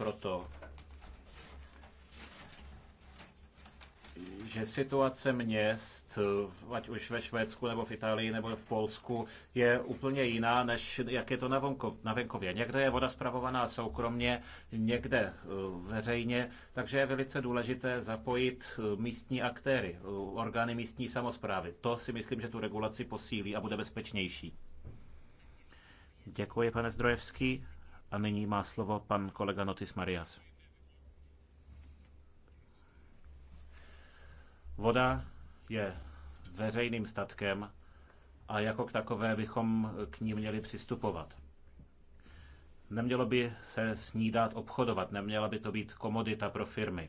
proto, že situace měst, ať už ve Švédsku nebo v Itálii nebo v Polsku, je úplně jiná, než jak je to na, venkov, na venkově. Někde je voda spravovaná soukromně, někde eh, veřejně, takže je velice důležité zapojit eh, místní aktéry, eh, orgány místní samozprávy. To si myslím, že tu regulaci posílí a bude bezpečnější. Děkuji, pane Zdrojevský. A nyní má slovo pan kolega Notis Marias. Voda je veřejným statkem a jako k takové bychom k ní měli přistupovat. Nemělo by se s ní dát obchodovat, neměla by to být komodita pro firmy.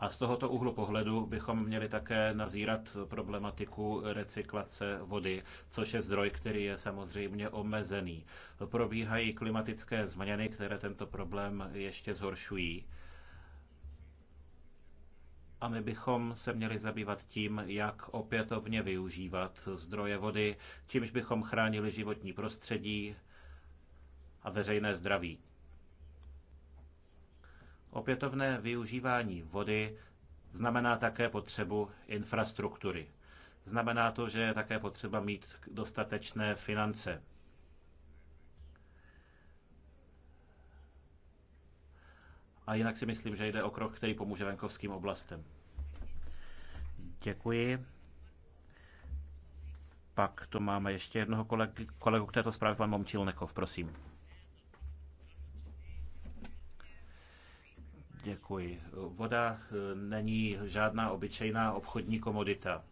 A z tohoto úhlu pohledu bychom měli také nazírat problematiku recyklace vody, což je zdroj, který je samozřejmě omezený. Probíhají klimatické změny, které tento problém ještě zhoršují. A my bychom se měli zabývat tím, jak opětovně využívat zdroje vody, čímž bychom chránili životní prostředí a veřejné zdraví. Opětovné využívání vody znamená také potřebu infrastruktury. Znamená to, že je také potřeba mít dostatečné finance. A jinak si myslím, že jde o krok, který pomůže venkovským oblastem. Děkuji. Pak to máme ještě jednoho kolegu, kolegu k této zprávě, pan Momčilnekov, prosím. Děkuji. Voda eh, není žádná obyčejná obchodní komodita.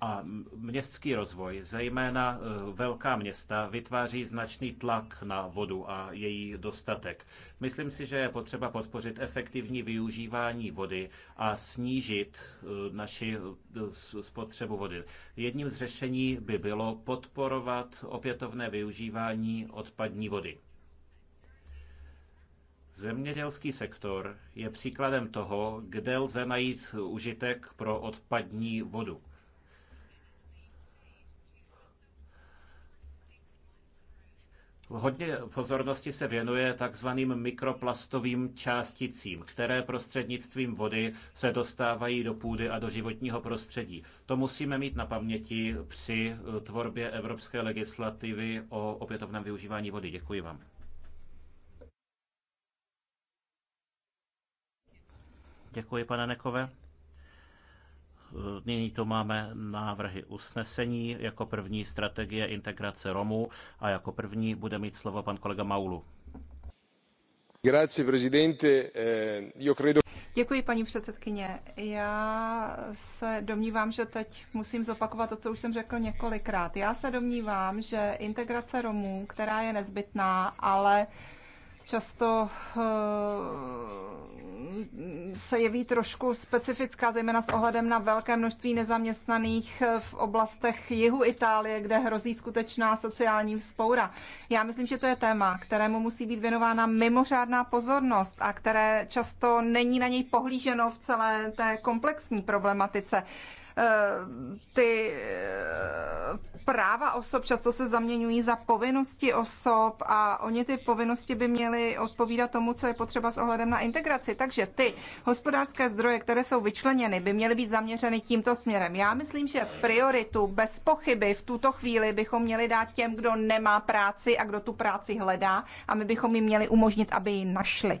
A městský rozvoj, zejména eh, velká města, vytváří značný tlak na vodu a její dostatek. Myslím si, že je potřeba podpořit efektivní využívání vody a snížit eh, naši spotřebu vody. Jedním z řešení by bylo podporovat opětovné využívání odpadní vody. Zemědělský sektor je příkladem toho, kde lze najít užitek pro odpadní vodu. Hodně pozornosti se věnuje takzvaným mikroplastovým částicím, které prostřednictvím vody se dostávají do půdy a do životního prostředí. To musíme mít na paměti při tvorbě evropské legislativy o opětovném využívání vody. Děkuji vám. Děkuji, pane Nekove. Nyní tu máme návrhy usnesení. Jako první strategie integrace Romů a jako první bude mít slovo pan kolega Maulu. Eh, Děkuji, paní předsedkyně. Já se domnívám, že teď musím zopakovat to, co už jsem řekl několikrát. Já se domnívám, že integrace Romů, která je nezbytná, ale často eh, se jeví trošku specifická, zejména s ohledem na velké množství nezaměstnaných eh, v oblastech jihu Itálie, kde hrozí skutečná sociální vzpoura. Já myslím, že to je téma, kterému musí být věnována mimořádná pozornost a které často není na něj pohlíženo v celé té komplexní problematice eh, ty práva osob často se zaměňují za povinnosti osob a oni ty povinnosti by měly odpovídat tomu, co je potřeba s ohledem na integraci. Takže ty hospodářské zdroje, které jsou vyčleněny, by měly být zaměřeny tímto směrem. Já myslím, že prioritu bez pochyby v tuto chvíli bychom měli dát těm, kdo nemá práci a kdo tu práci hledá a my bychom jim měli umožnit, aby ji našli.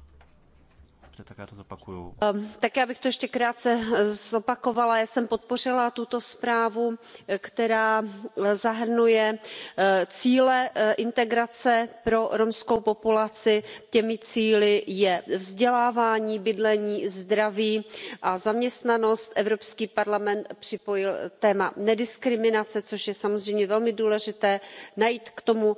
tak já to zopakuju. Ehm, tak já bych to ještě krátce eh, zopakovala. Já jsem podpořila tuto zprávu, eh, která eh, zahrnuje cíle integrace pro romskou populaci. Těmi cíli je vzdělávání, bydlení, zdraví a zaměstnanost. Evropský parlament připojil téma nediskriminace, což je samozřejmě velmi důležité najít k tomu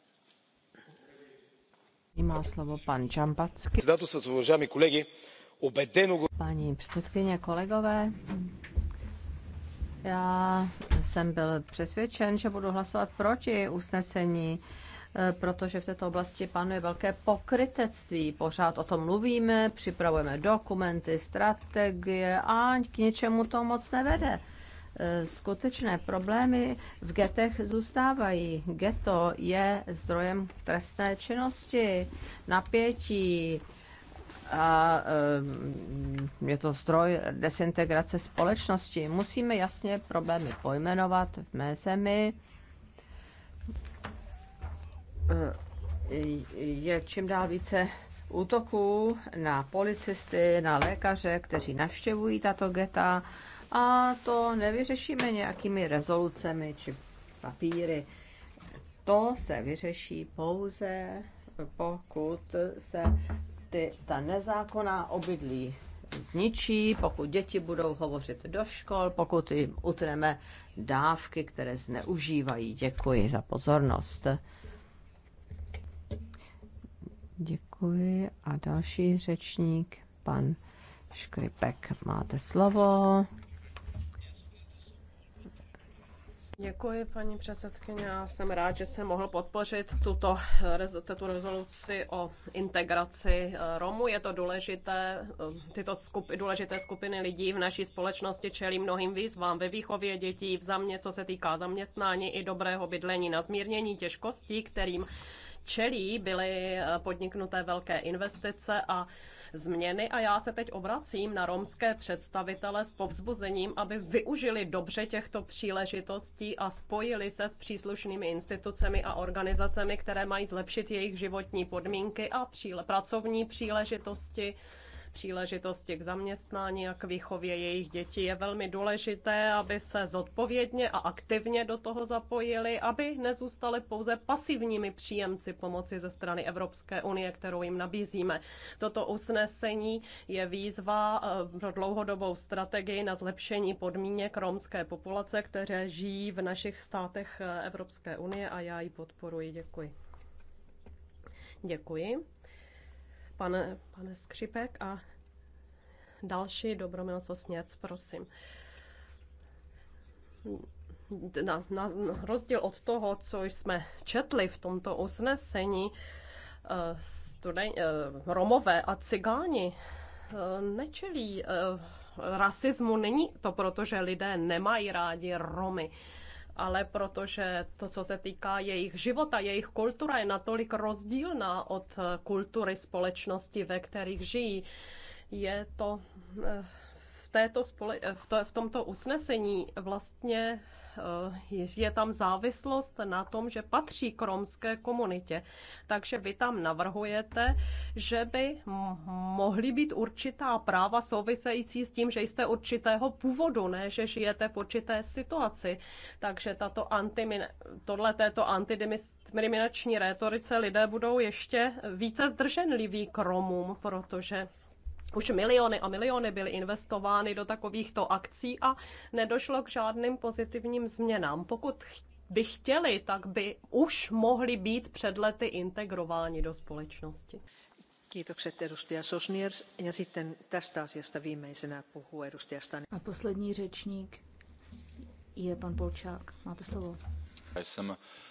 má slovo pan se, уважаеми kolegy, ubedeno... Paní předsedkyně, kolegové, já jsem byl přesvědčen, že budu hlasovat proti usnesení, eh, protože v této oblasti panuje velké pokrytectví. Pořád o tom mluvíme, připravujeme dokumenty, strategie a k ničemu to moc nevede. Eh, skutečné problémy v getech zůstávají. Geto je zdrojem trestné činnosti, napětí a eh, je to zdroj desintegrace společnosti. Musíme jasně problémy pojmenovat v mé zemi eh, je čím dál více útoků na policisty, na lékaře, kteří navštěvují tato geta a to nevyřešíme nějakými rezolucemi či papíry. To se vyřeší pouze, pokud se ty, ta nezákonná obydlí zničí, pokud děti budou hovořit do škol, pokud jim utneme dávky, které zneužívají. Děkuji za pozornost. Děkuji. A další řečník, pan Škripek, máte slovo. Děkuji, paní předsedkyně. Já jsem rád, že jsem mohl podpořit tuto, tuto rezoluci o integraci eh, Romů. Je to důležité, eh, tyto skupi, důležité skupiny lidí v naší společnosti čelí mnohým výzvám ve výchově dětí, v zamě, co se týká zaměstnání i dobrého bydlení na zmírnění těžkostí, kterým čelí, byly eh, podniknuté velké investice a změny a já se teď obracím na romské představitele s povzbuzením, aby využili dobře těchto příležitostí a spojili se s příslušnými institucemi a organizacemi, které mají zlepšit jejich životní podmínky a příle- pracovní příležitosti příležitosti k zaměstnání a k výchově jejich dětí. Je velmi důležité, aby se zodpovědně a aktivně do toho zapojili, aby nezůstali pouze pasivními příjemci pomoci ze strany Evropské unie, kterou jim nabízíme. Toto usnesení je výzva eh, pro dlouhodobou strategii na zlepšení podmínek romské populace, které žijí v našich státech eh, Evropské unie a já ji podporuji. Děkuji. Děkuji pane, pane Skřipek a další Dobromil Sosněc, prosím. Na, na, rozdíl od toho, co jsme četli v tomto usnesení, eh, studen, eh, Romové a Cigáni eh, nečelí rasismu. Není to proto, že lidé nemají rádi Romy ale protože to, co se týká jejich života, jejich kultura je natolik rozdílná od kultury společnosti, ve kterých žijí, je to eh, této spole- v, to- v tomto usnesení vlastně eh, je tam závislost na tom, že patří k romské komunitě. Takže vy tam navrhujete, že by mohly být určitá práva související s tím, že jste určitého původu, ne že žijete v určité situaci. Takže tato antimin- tohle této antidiskriminační rétorice lidé budou ještě více zdrženliví k Romům, protože už miliony a miliony byly investovány do takovýchto akcí a nedošlo k žádným pozitivním změnám. Pokud by chtěli, tak by už mohli být před lety integrováni do společnosti. Kiitokset edustaja Sosniers. Ja sitten tästä asiasta viimeisenä puhuu edustaja Stani. A poslední řečník je pan Polčák. Máte slovo. Já jsem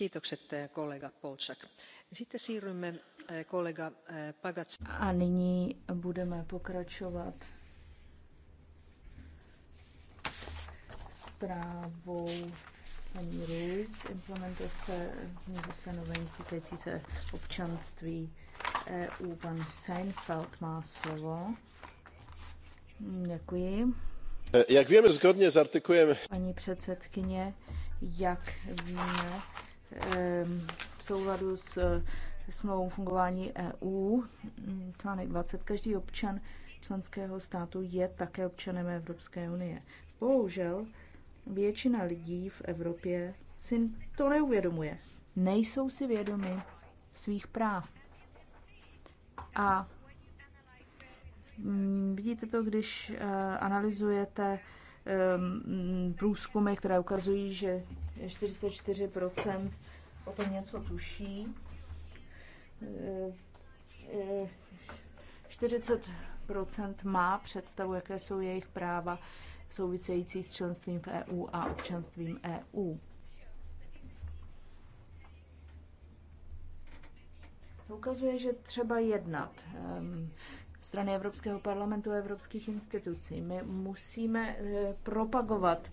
Eh, eh, eh, A nyní budeme pokračovat zprávou paní Ruiz, implementace ustanovení týkající se občanství EU. Pan Seinfeld má slovo. Děkuji. Jak víme, zgodně s artikulem... Paní předsedkyně, jak víme, Ehm, v souladu s eh, smlouvou fungování EU, mm, článek 20, každý občan členského státu je také občanem Evropské unie. Bohužel většina lidí v Evropě si to neuvědomuje. Nejsou si vědomi svých práv. A mm, vidíte to, když eh, analyzujete ehm, průzkumy, které ukazují, že 44% o tom něco tuší. 40% eh, eh, má představu, jaké jsou jejich práva související s členstvím v EU a občanstvím EU. To ukazuje, že třeba jednat ehm, strany Evropského parlamentu a evropských institucí. My musíme eh, propagovat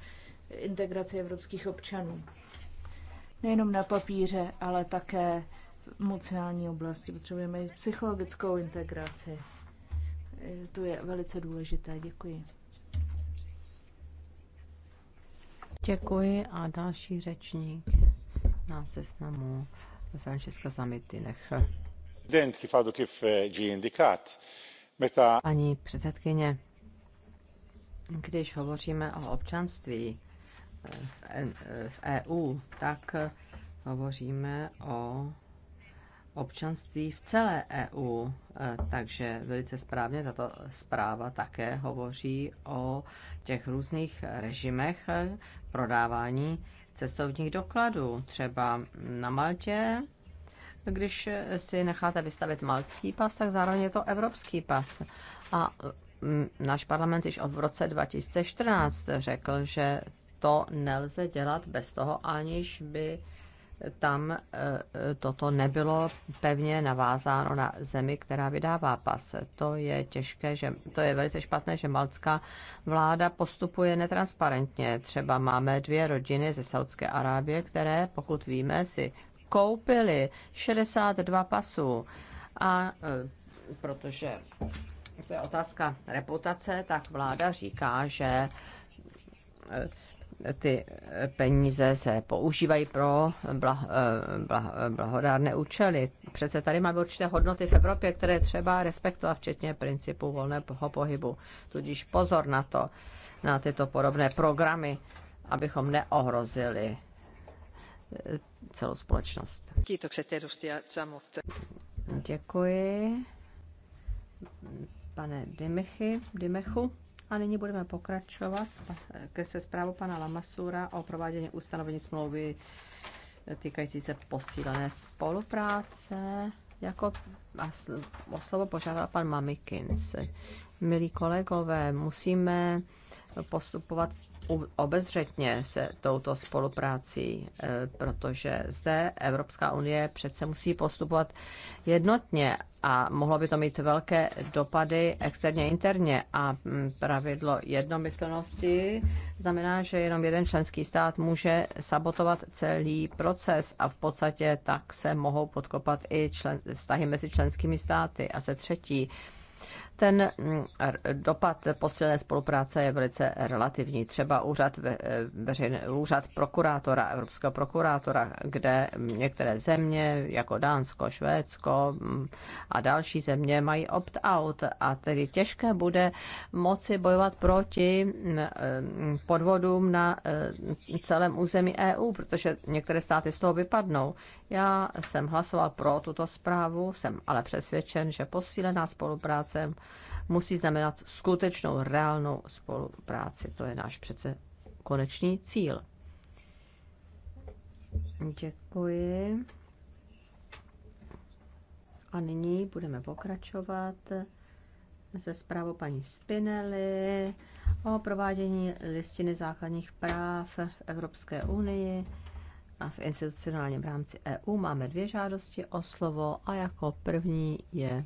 integraci evropských občanů. Nejenom na papíře, ale také v emocionální oblasti. Potřebujeme i psychologickou integraci. E, to je velice důležité. Děkuji. Děkuji a další řečník na seznamu Francesca Zamitinech. Eh, Paní předsedkyně, když hovoříme o občanství, v EU, tak hovoříme o občanství v celé EU. Takže velice správně tato zpráva také hovoří o těch různých režimech prodávání cestovních dokladů. Třeba na Maltě, když si necháte vystavit maltský pas, tak zároveň je to evropský pas. A náš parlament již v roce 2014 řekl, že to nelze dělat bez toho, aniž by tam eh, toto nebylo pevně navázáno na zemi, která vydává pas. To je těžké, že, to je velice špatné, že maltská vláda postupuje netransparentně. Třeba máme dvě rodiny ze Saudské Arábie, které, pokud víme, si koupili 62 pasů. A eh, protože to je otázka reputace, tak vláda říká, že eh, ty peníze se používají pro blah, eh, blah, eh, blahodárné účely. Přece tady máme určité hodnoty v Evropě, které třeba respektovat, včetně principu volného pohybu. Tudíž pozor na to, na tyto podobné programy, abychom neohrozili eh, celou společnost. Děkuji. Pane Dimechy, Dimechu. A nyní budeme pokračovat se zprávou pana Lamasura o provádění ustanovení smlouvy týkající se posílené spolupráce. Jako o slovo požádal pan Mamikins. Milí kolegové, musíme postupovat obezřetně se touto spoluprácí, eh, protože zde Evropská unie přece musí postupovat jednotně a mohlo by to mít velké dopady externě interně a mm, pravidlo jednomyslnosti znamená, že jenom jeden členský stát může sabotovat celý proces a v podstatě tak se mohou podkopat i člen, vztahy mezi členskými státy a se třetí ten mm, dopad posílené spolupráce je velice relativní. Třeba úřad, e, veřejné, úřad prokurátora, evropského prokurátora, kde některé země, jako Dánsko, Švédsko mm, a další země, mají opt-out a tedy těžké bude moci bojovat proti mm, e, podvodům na e, celém území EU, protože některé státy z toho vypadnou. Já jsem hlasoval pro tuto zprávu, jsem ale přesvědčen, že posílená spolupráce musí znamenat skutečnou, reálnou spolupráci. To je náš přece konečný cíl. Děkuji. A nyní budeme pokračovat se zprávou paní Spinelli o provádění listiny základních práv v Evropské unii a v institucionálním rámci EU. Máme dvě žádosti o slovo a jako první je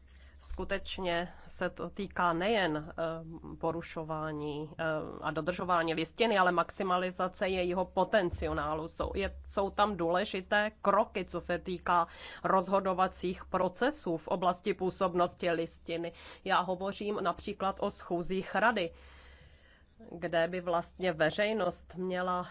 skutečně se to týká nejen eh, porušování eh, a dodržování listiny, ale maximalizace jejího potenciálu. Jsou, je, jsou tam důležité kroky, co se týká rozhodovacích procesů v oblasti působnosti listiny. Já hovořím například o schůzích rady, kde by vlastně veřejnost měla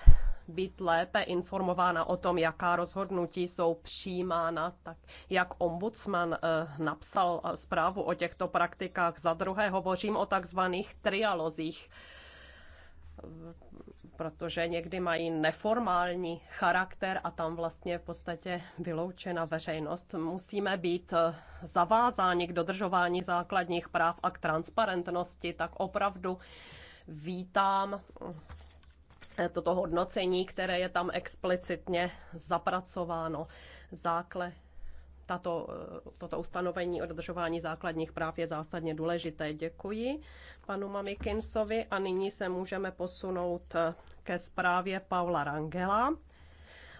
být lépe informována o tom, jaká rozhodnutí jsou přijímána, tak jak ombudsman eh, napsal eh, zprávu o těchto praktikách. Za druhé hovořím o takzvaných trialozích protože někdy mají neformální charakter a tam vlastně v podstatě vyloučena veřejnost. Musíme být eh, zavázáni k dodržování základních práv a k transparentnosti, tak opravdu vítám toto hodnocení, které je tam explicitně zapracováno. Zákle, tato, toto ustanovení o dodržování základních práv je zásadně důležité. Děkuji panu Mamikinsovi a nyní se můžeme posunout ke zprávě Paula Rangela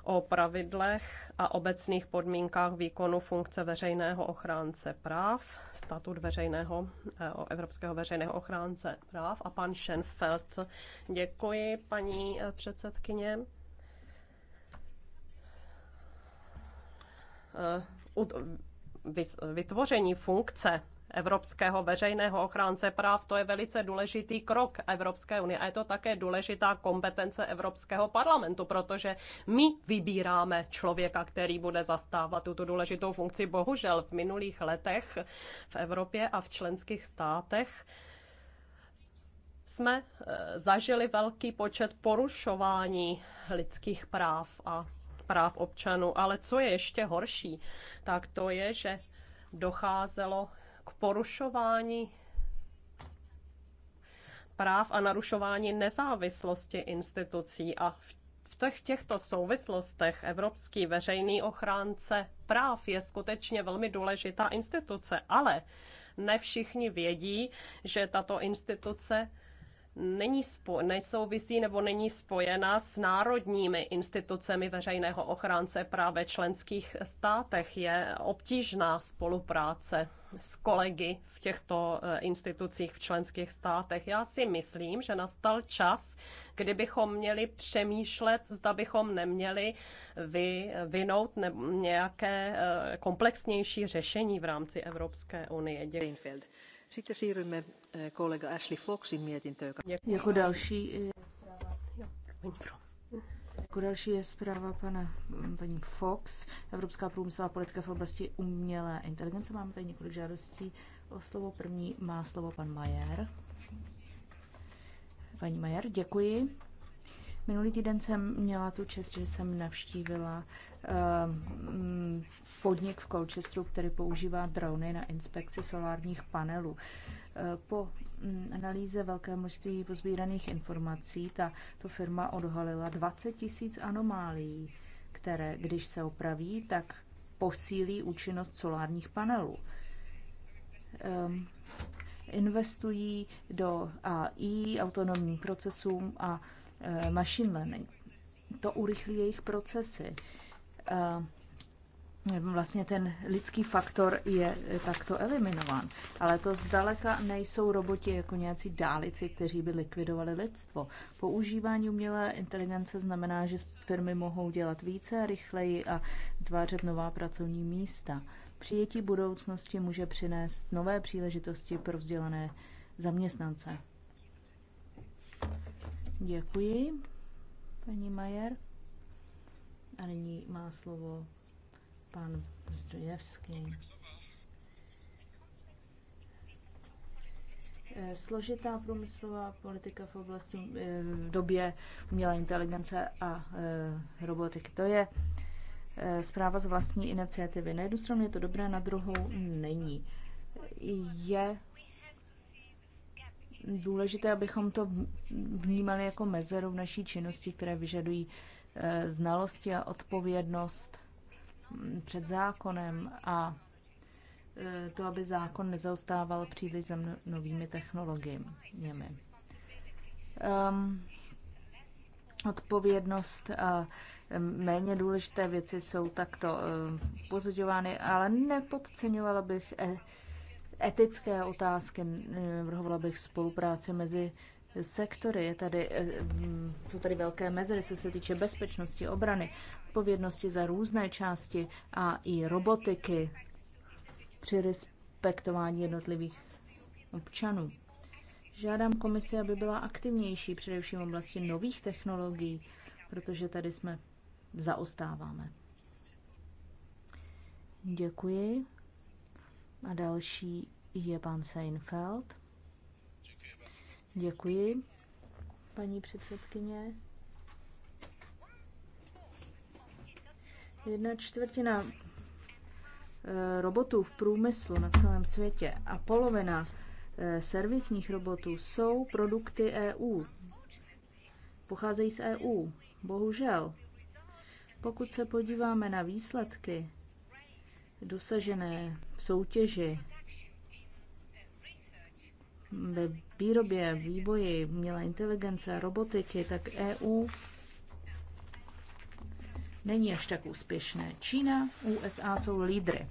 o pravidlech a obecných podmínkách výkonu funkce veřejného ochránce práv, statut veřejného, eh, evropského veřejného ochránce práv. A pan Schenfeld, děkuji, paní eh, předsedkyně. Eh, vytvoření funkce Evropského veřejného ochránce práv, to je velice důležitý krok Evropské unie a je to také důležitá kompetence Evropského parlamentu, protože my vybíráme člověka, který bude zastávat tuto důležitou funkci. Bohužel v minulých letech v Evropě a v členských státech jsme eh, zažili velký počet porušování lidských práv a práv občanů, ale co je ještě horší, tak to je, že docházelo porušování práv a narušování nezávislosti institucí a v v těchto souvislostech Evropský veřejný ochránce práv je skutečně velmi důležitá instituce, ale ne všichni vědí, že tato instituce není spo, nesouvisí nebo není spojena s národními institucemi veřejného ochránce práv ve členských státech. Je obtížná spolupráce s kolegy v těchto eh, institucích v členských státech. Já si myslím, že nastal čas, kdybychom měli přemýšlet, zda bychom neměli vy, vynout ne, nějaké eh, komplexnější řešení v rámci Evropské unie. Děkuji. Eh, Ashley jako, jako další je zpráva, jako další je zpráva pana, mm, paní Fox, Evropská průmyslová politika v oblasti umělé inteligence. Máme tady několik žádostí o slovo. První má slovo pan Majer. Paní Majer, děkuji. Minulý týden jsem měla tu čest, že jsem navštívila ehm, mm, podnik v Colchesteru, který používá drony na inspekci solárních panelů. E, po mm, analýze velké množství pozbíraných informací ta to firma odhalila 20 tisíc anomálií, které, když se opraví, tak posílí účinnost solárních panelů. Um, investují do AI, autonomním procesům a Eh, machine learning. To urychlí jejich procesy. Eh, vlastně ten lidský faktor je eh, takto eliminován. Ale to zdaleka nejsou roboti jako nějací dálici, kteří by likvidovali lidstvo. Používání umělé inteligence znamená, že firmy mohou dělat více a rychleji a tvářet nová pracovní místa. Přijetí budoucnosti může přinést nové příležitosti pro vzdělané zaměstnance. Děkuji, paní Majer. A nyní má slovo pan Zdrojevský. Eh, složitá průmyslová politika v oblasti eh, v době umělé inteligence a eh, robotiky. To je zpráva z vlastní iniciativy. Na jednu stranu je to dobré, na druhou není. Je důležité, abychom to vnímali jako mezeru v naší činnosti, které vyžadují eh, znalosti a odpovědnost mm, před zákonem a eh, to, aby zákon nezaostával příliš za novými technologiemi. Um, odpovědnost a méně důležité věci jsou takto eh, pozaďovány, ale nepodceňovala bych etické otázky, vrhovala bych spolupráci mezi sektory. Je tady, eh, jsou tady velké mezery, co se týče bezpečnosti, obrany, odpovědnosti za různé části a i robotiky při respektování jednotlivých občanů. Žádám komisi, aby byla aktivnější, především v oblasti nových technologií, protože tady jsme zaostáváme. Děkuji. A další je pan Seinfeld. Děkuji, paní předsedkyně. Jedna čtvrtina eh, robotů v průmyslu na celém světě a polovina eh, servisních robotů jsou produkty EU. Pocházejí z EU. Bohužel. Pokud se podíváme na výsledky dosažené v soutěži ve výrobě, vývoji měla inteligence a robotiky, tak EU není až tak úspěšné. Čína, USA jsou lídry.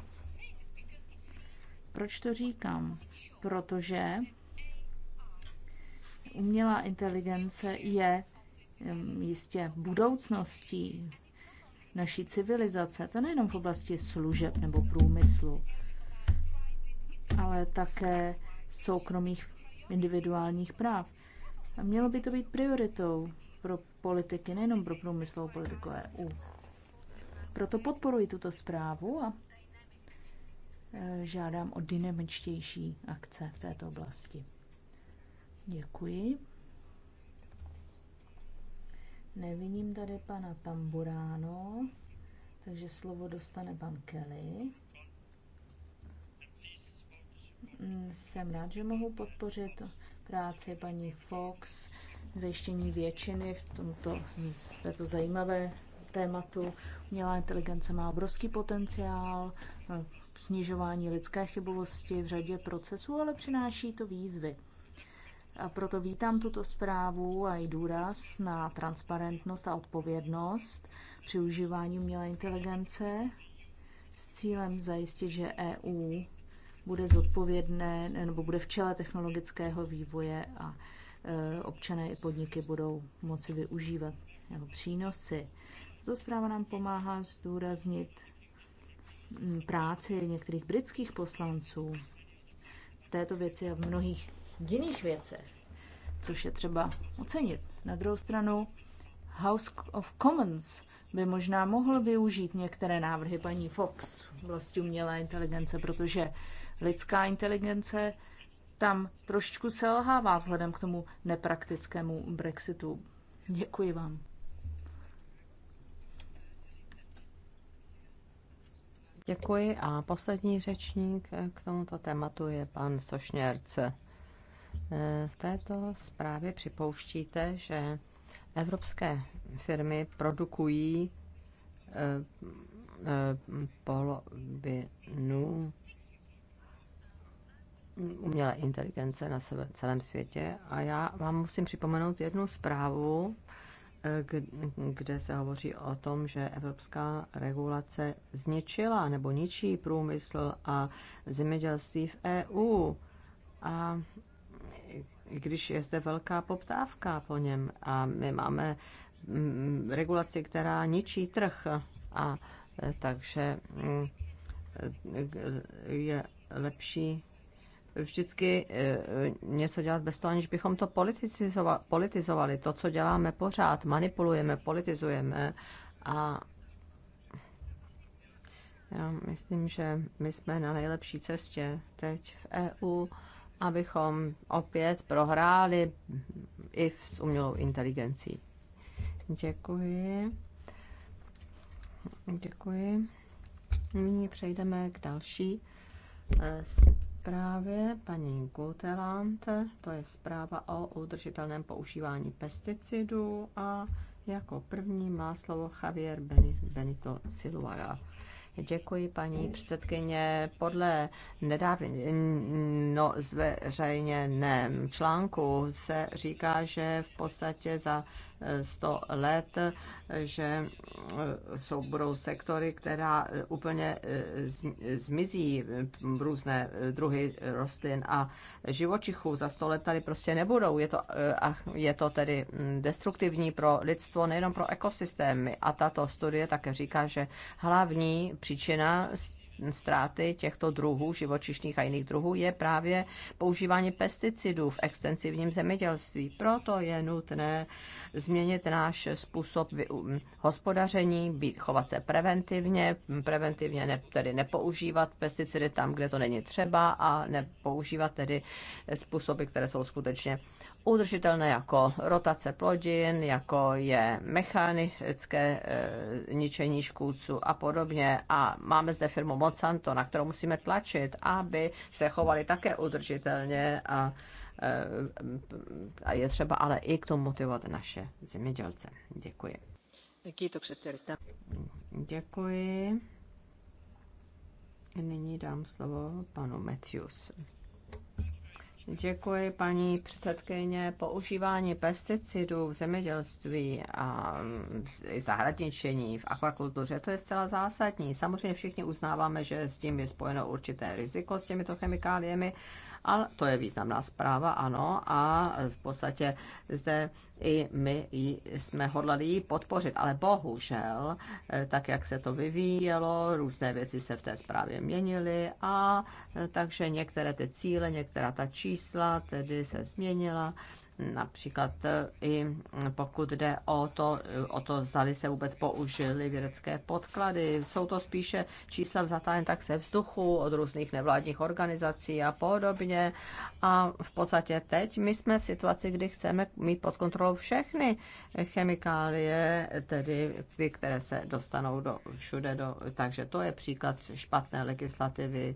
Proč to říkám? Protože umělá inteligence je jistě budoucností naší civilizace. To nejenom v oblasti služeb nebo průmyslu, ale také soukromých individuálních práv. A mělo by to být prioritou pro politiky, nejenom pro průmyslovou politiku EU. Proto podporuji tuto zprávu a e, žádám o dynamičtější akce v této oblasti. Děkuji. Nevidím tady pana Tamburáno, takže slovo dostane pan Kelly. Mm, jsem rád, že mohu podpořit práci paní Fox, zajištění většiny v tomto v této zajímavé tématu. Umělá inteligence má obrovský potenciál, eh, snižování lidské chybovosti v řadě procesů, ale přináší to výzvy. A proto vítám tuto zprávu a i důraz na transparentnost a odpovědnost při užívání umělé inteligence s cílem zajistit, že EU bude zodpovědné nebo bude v čele technologického vývoje a e, občané i podniky budou moci využívat jeho přínosy. Tato zpráva nám pomáhá zdůraznit práci některých britských poslanců této věci a v mnohých jiných věcech, což je třeba ocenit. Na druhou stranu, House of Commons by možná mohl využít některé návrhy paní Fox v oblasti umělé inteligence, protože lidská inteligence tam trošku selhává vzhledem k tomu nepraktickému Brexitu. Děkuji vám. Děkuji a poslední řečník k tomuto tématu je pan Sošněrce. Eh, v této zprávě připouštíte, že evropské firmy produkují eh, eh, polovinu umělé inteligence na celém světě. A já vám musím připomenout jednu zprávu, kde se hovoří o tom, že evropská regulace zničila nebo ničí průmysl a zemědělství v EU. A i když je zde velká poptávka po něm a my máme mm, regulaci, která ničí trh a e, takže mm, e, je lepší vždycky e, něco dělat bez toho, aniž bychom to politizovali. To, co děláme pořád, manipulujeme, politizujeme a já myslím, že my jsme na nejlepší cestě teď v EU abychom opět prohráli i s umělou inteligencí. Děkuji. Děkuji. Nyní přejdeme k další eh, zprávě paní Gutelant. To je zpráva o udržitelném používání pesticidů a jako první má slovo Javier Benito Silvaga. Děkuji, paní předsedkyně. Podle nedávno no, zveřejněném článku se říká, že v podstatě za 100 let, že eh, jsou, budou sektory, která eh, úplně eh, zmizí různé druhy rostlin a živočichů za 100 let tady prostě nebudou. Je to, je to tedy hm, destruktivní pro lidstvo, nejenom pro ekosystémy. A tato studie také říká, že hlavní příčina ztráty těchto druhů, živočišných a jiných druhů, je právě používání pesticidů v extensivním zemědělství. Proto je nutné změnit náš způsob um, hospodaření, být, chovat se preventivně, preventivně ne, tedy nepoužívat pesticidy tam, kde to není třeba a nepoužívat tedy způsoby, které jsou skutečně udržitelné jako rotace plodin, jako je mechanické eh, ničení škůdců a podobně. A máme zde firmu Monsanto, na kterou musíme tlačit, aby se chovali také udržitelně a eh, a je třeba ale i k tomu motivovat naše zemědělce. Děkuji. Děkuji. Nyní dám slovo panu Matthews. Děkuji, paní předsedkyně. Používání pesticidů v zemědělství a v zahradničení, v akvakultuře, to je zcela zásadní. Samozřejmě všichni uznáváme, že s tím je spojeno určité riziko s těmito chemikáliemi, ale to je významná zpráva, ano, a v podstatě zde i my jsme hodlali ji podpořit, ale bohužel, eh, tak jak se to vyvíjelo, různé věci se v té zprávě měnily a eh, takže některé ty cíle, některá ta čísla tedy se změnila Například e, i pokud jde o to, e, o to zdali se vůbec použili vědecké podklady, jsou to spíše čísla vzatá jen tak se vzduchu od různých nevládních organizací a podobně. A v podstatě teď my jsme v situaci, kdy chceme mít pod kontrolou všechny chemikálie, tedy ty, které se dostanou do, všude. Do, takže to je příklad špatné legislativy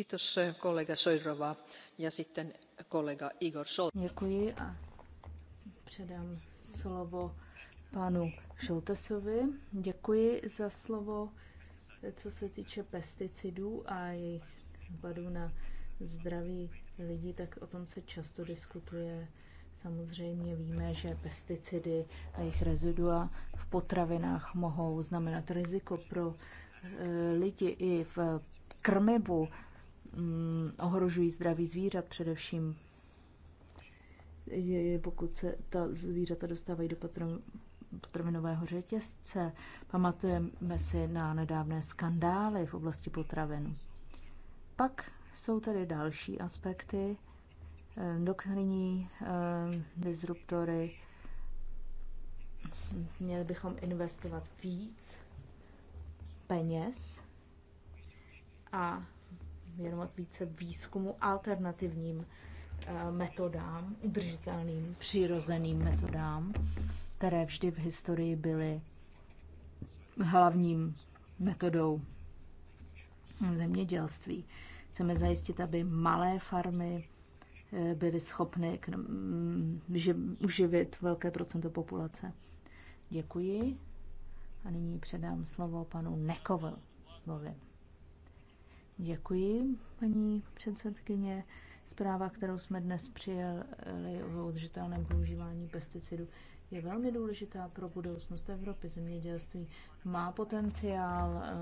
Eh, Děkuji a předám slovo panu Šoltesovi. Děkuji za slovo, co se týče pesticidů a jejich dopadů na zdraví lidí, tak o tom se často diskutuje. Samozřejmě víme, že pesticidy a jejich rezidua v potravinách mohou znamenat riziko pro eh, lidi i v krmivu Mm, ohrožují zdraví zvířat především, pokud se ta zvířata dostávají do potravinového řetězce. Pamatujeme si na nedávné skandály v oblasti potravin. Pak jsou tady další aspekty, eh, endokrinní eh, disruptory. Měli bychom investovat víc peněz a věnovat více výzkumu alternativním eh, metodám, udržitelným, přirozeným metodám, které vždy v historii byly hlavním metodou zemědělství. Chceme zajistit, aby malé farmy eh, byly schopny k, mm, uživit velké procento populace. Děkuji. A nyní předám slovo panu Nekovovi. Děkuji, paní předsedkyně. Zpráva, kterou jsme dnes přijeli o udržitelném používání pesticidů, je velmi důležitá pro budoucnost Evropy. Zemědělství má potenciál eh,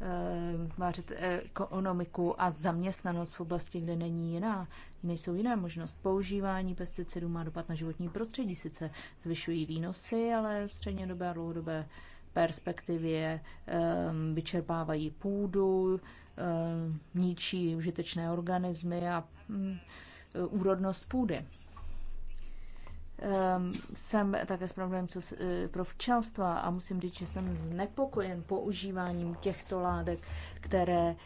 eh, vářit ekonomiku a zaměstnanost v oblasti, kde není jiná, nejsou jiné možnost. Používání pesticidů má dopad na životní prostředí, sice zvyšují výnosy, ale střednědobé a dlouhodobé perspektivě ehm, vyčerpávají půdu, ehm, ničí užitečné organismy a hm, úrodnost půdy. Ehm, jsem také zpravodajem e, pro včelstva a musím říct, že jsem znepokojen používáním těchto látek, které e,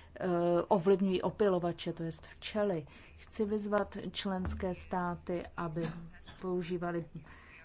ovlivňují opilovače, to jest včely. Chci vyzvat členské státy, aby používali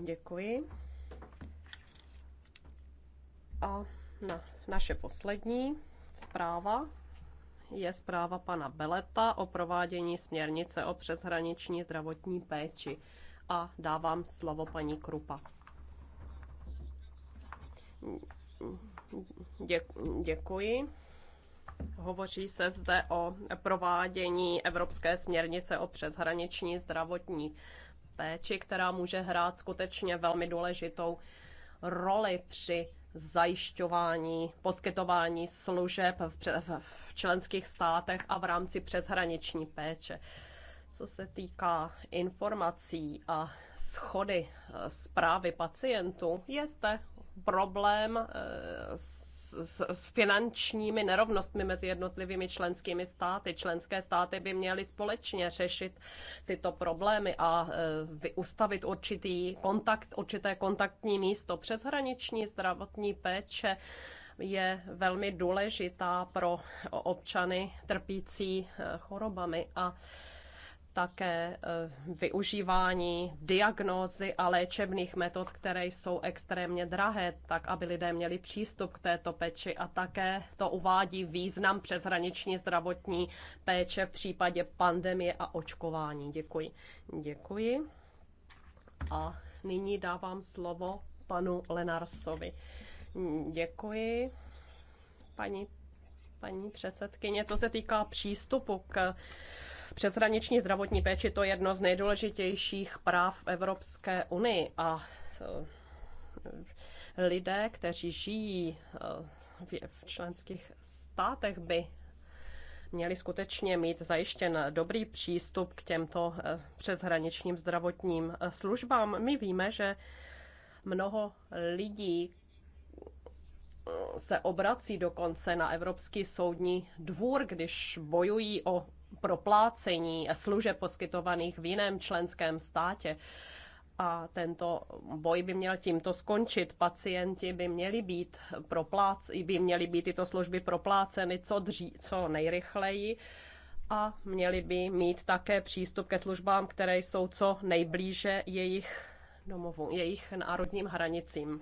Děkuji. A na, naše poslední zpráva je zpráva pana Beleta o provádění směrnice o přeshraniční zdravotní péči. A dávám slovo paní Krupa. Děkuji. Hovoří se zde o provádění Evropské směrnice o přeshraniční zdravotní péči, která může hrát skutečně velmi důležitou roli při zajišťování, poskytování služeb v členských státech a v rámci přeshraniční péče. Co se týká informací a schody eh, zprávy pacientů, je zde problém eh, s s, s finančními nerovnostmi mezi jednotlivými členskými státy. Členské státy by měly společně řešit tyto problémy a e, ustavit určitý kontakt, určité kontaktní místo. Přeshraniční zdravotní péče je velmi důležitá pro občany trpící e, chorobami a také e, využívání diagnózy a léčebných metod, které jsou extrémně drahé, tak aby lidé měli přístup k této péči a také to uvádí význam přeshraniční zdravotní péče v případě pandemie a očkování. Děkuji. Děkuji. A nyní dávám slovo panu Lenarsovi. Děkuji, paní, paní předsedkyně. Co se týká přístupu k Přeshraniční zdravotní péči to je jedno z nejdůležitějších práv v Evropské unii a eh, lidé, kteří žijí eh, v členských státech, by měli skutečně mít zajištěn dobrý přístup k těmto eh, přeshraničním zdravotním službám. My víme, že mnoho lidí se obrací dokonce na Evropský soudní dvůr, když bojují o proplácení služeb poskytovaných v jiném členském státě. A tento boj by měl tímto skončit. Pacienti by měli být, proplác, by měly být tyto služby propláceny co, dří, co nejrychleji a měli by mít také přístup ke službám, které jsou co nejblíže jejich domovu, jejich národním hranicím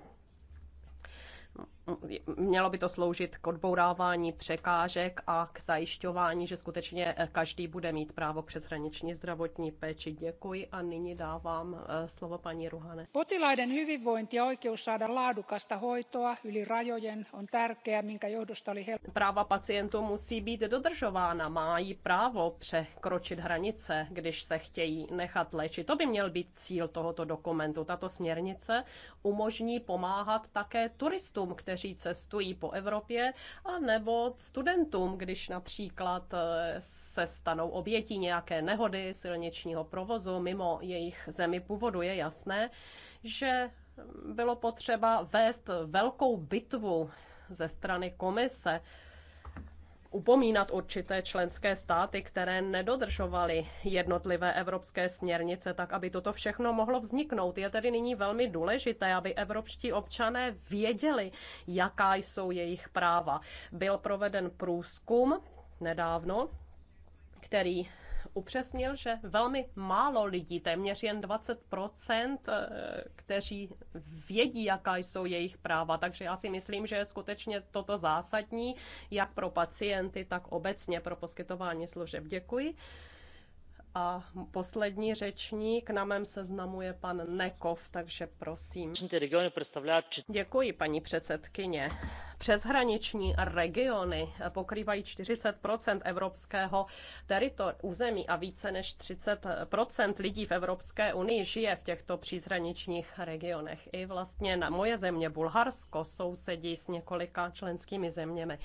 mělo by to sloužit k odbourávání překážek a k zajišťování, že skutečně eh, každý bude mít právo přes přeshraniční zdravotní péči. Děkuji a nyní dávám eh, slovo paní Ruhane. Potilaiden hyvinvointi ja oikeus saada laadukasta hoitoa yli rajojen on tärkeä, minkä johdosta oli helppo. Práva pacientů musí být dodržována, mají právo překročit hranice, když se chtějí nechat léčit. To by měl být cíl tohoto dokumentu. Tato směrnice umožní pomáhat také turistům, kteří kteří cestují po Evropě, a nebo studentům, když například eh, se stanou obětí nějaké nehody silničního provozu mimo jejich zemi původu, je jasné, že bylo potřeba vést velkou bitvu ze strany komise, upomínat určité členské státy, které nedodržovaly jednotlivé evropské směrnice, tak aby toto všechno mohlo vzniknout. Je tedy nyní velmi důležité, aby evropští občané věděli, jaká jsou jejich práva. Byl proveden průzkum nedávno, který upřesnil, že velmi málo lidí, téměř jen 20%, eh, kteří vědí, jaká jsou jejich práva. Takže já si myslím, že je skutečně toto zásadní, jak pro pacienty, tak obecně pro poskytování služeb. Děkuji. A poslední řečník na mém seznamu je pan Nekov, takže prosím. Děkuji, paní předsedkyně. Přeshraniční regiony pokrývají 40 evropského teritor, území a více než 30 lidí v Evropské unii žije v těchto přeshraničních regionech. I vlastně na moje země Bulharsko sousedí s několika členskými zeměmi.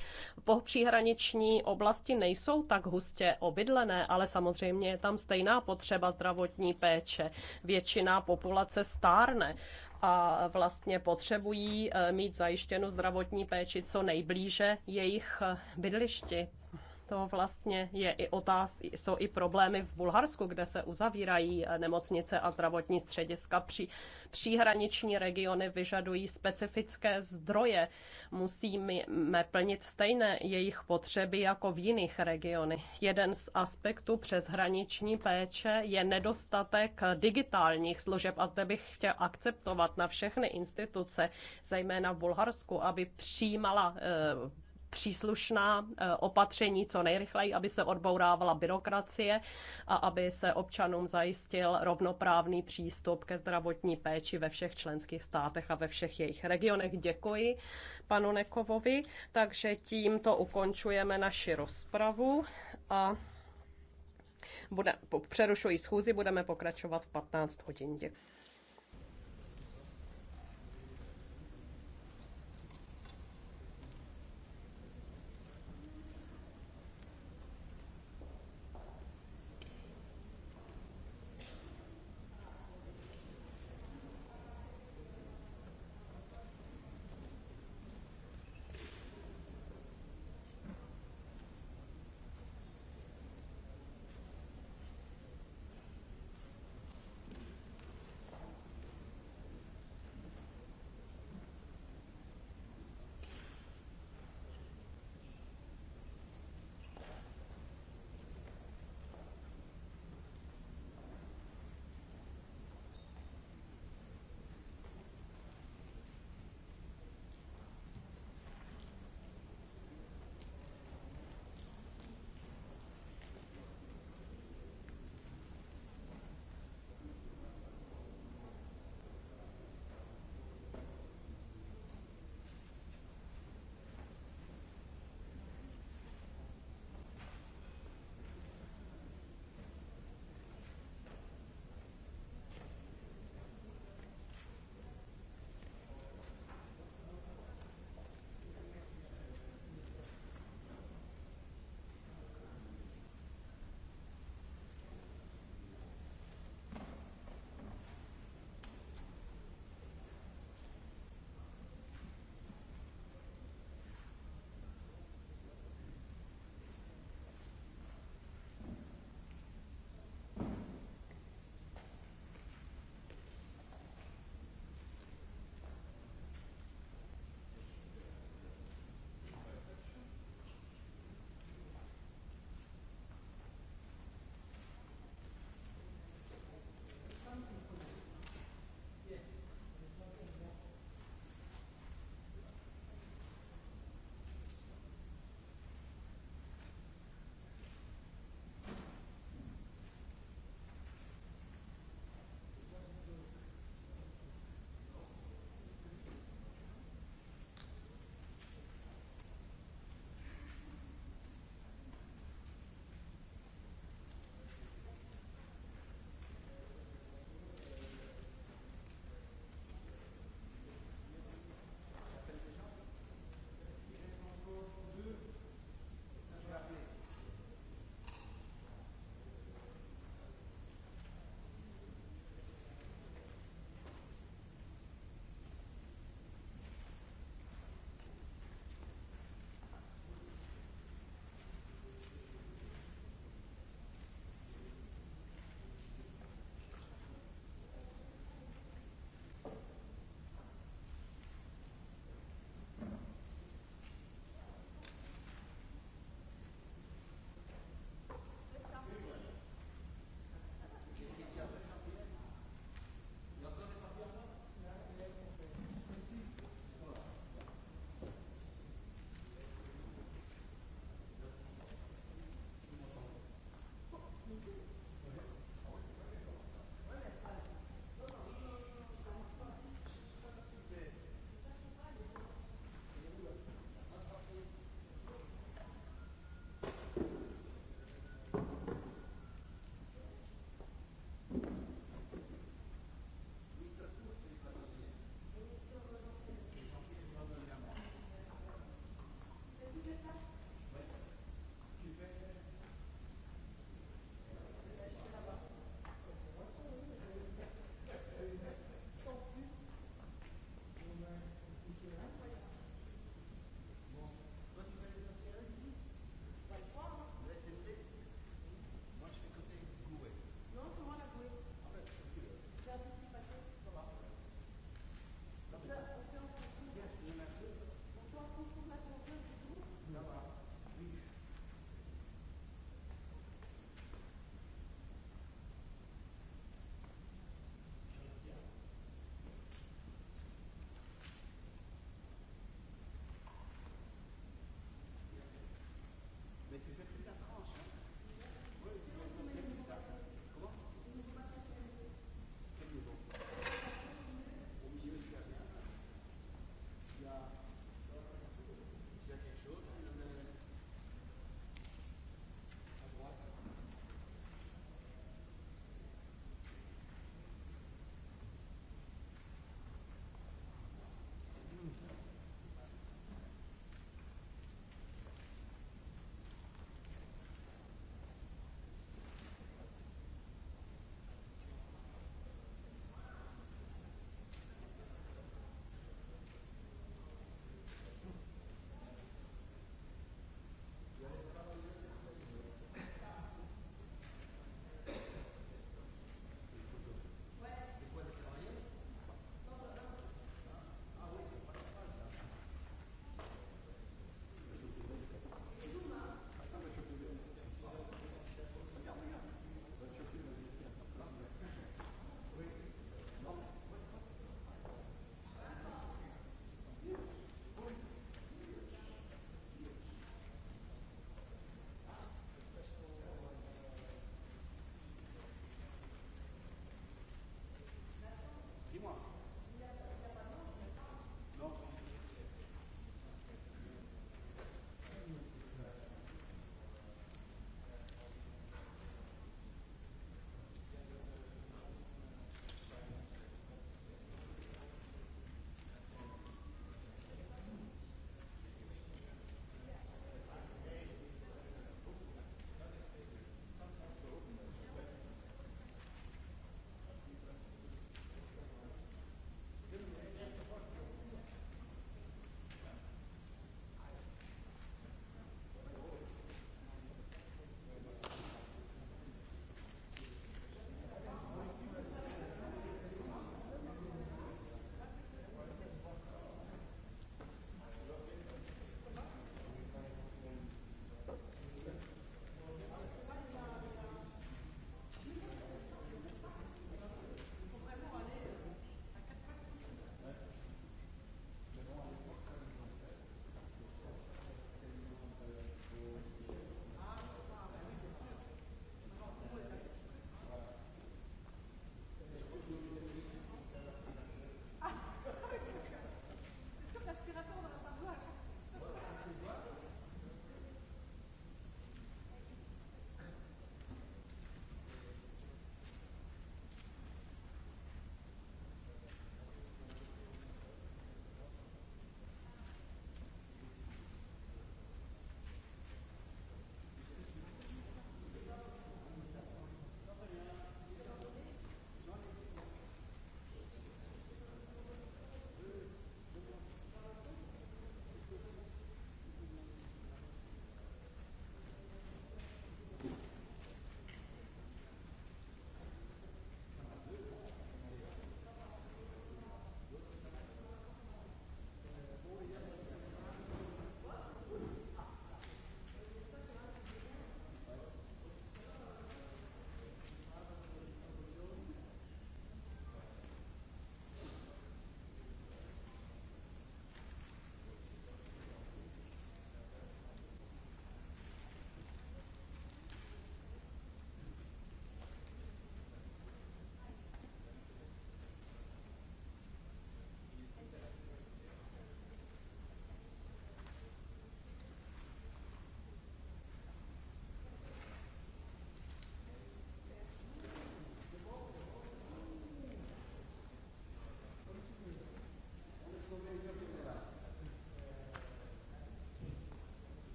Po příhraniční oblasti nejsou tak hustě obydlené, ale samozřejmě je tam stejná potřeba zdravotní péče. Většina populace stárne a vlastně potřebují eh, mít zajištěnu zdravotní péči co nejblíže jejich eh, bydlišti to vlastně je i otáz, jsou i problémy v Bulharsku, kde se uzavírají nemocnice a zdravotní střediska. Při, příhraniční regiony vyžadují specifické zdroje. Musíme plnit stejné jejich potřeby jako v jiných regionech. Jeden z aspektů přeshraniční péče je nedostatek digitálních služeb a zde bych chtěl akceptovat na všechny instituce, zejména v Bulharsku, aby přijímala eh, příslušná eh, opatření co nejrychleji, aby se odbourávala byrokracie a aby se občanům zajistil rovnoprávný přístup ke zdravotní péči ve všech členských státech a ve všech jejich regionech. Děkuji panu Nekovovi, takže tímto ukončujeme naši rozpravu a bude, přerušuji schůzi, budeme pokračovat v 15 hodin. Děkuji.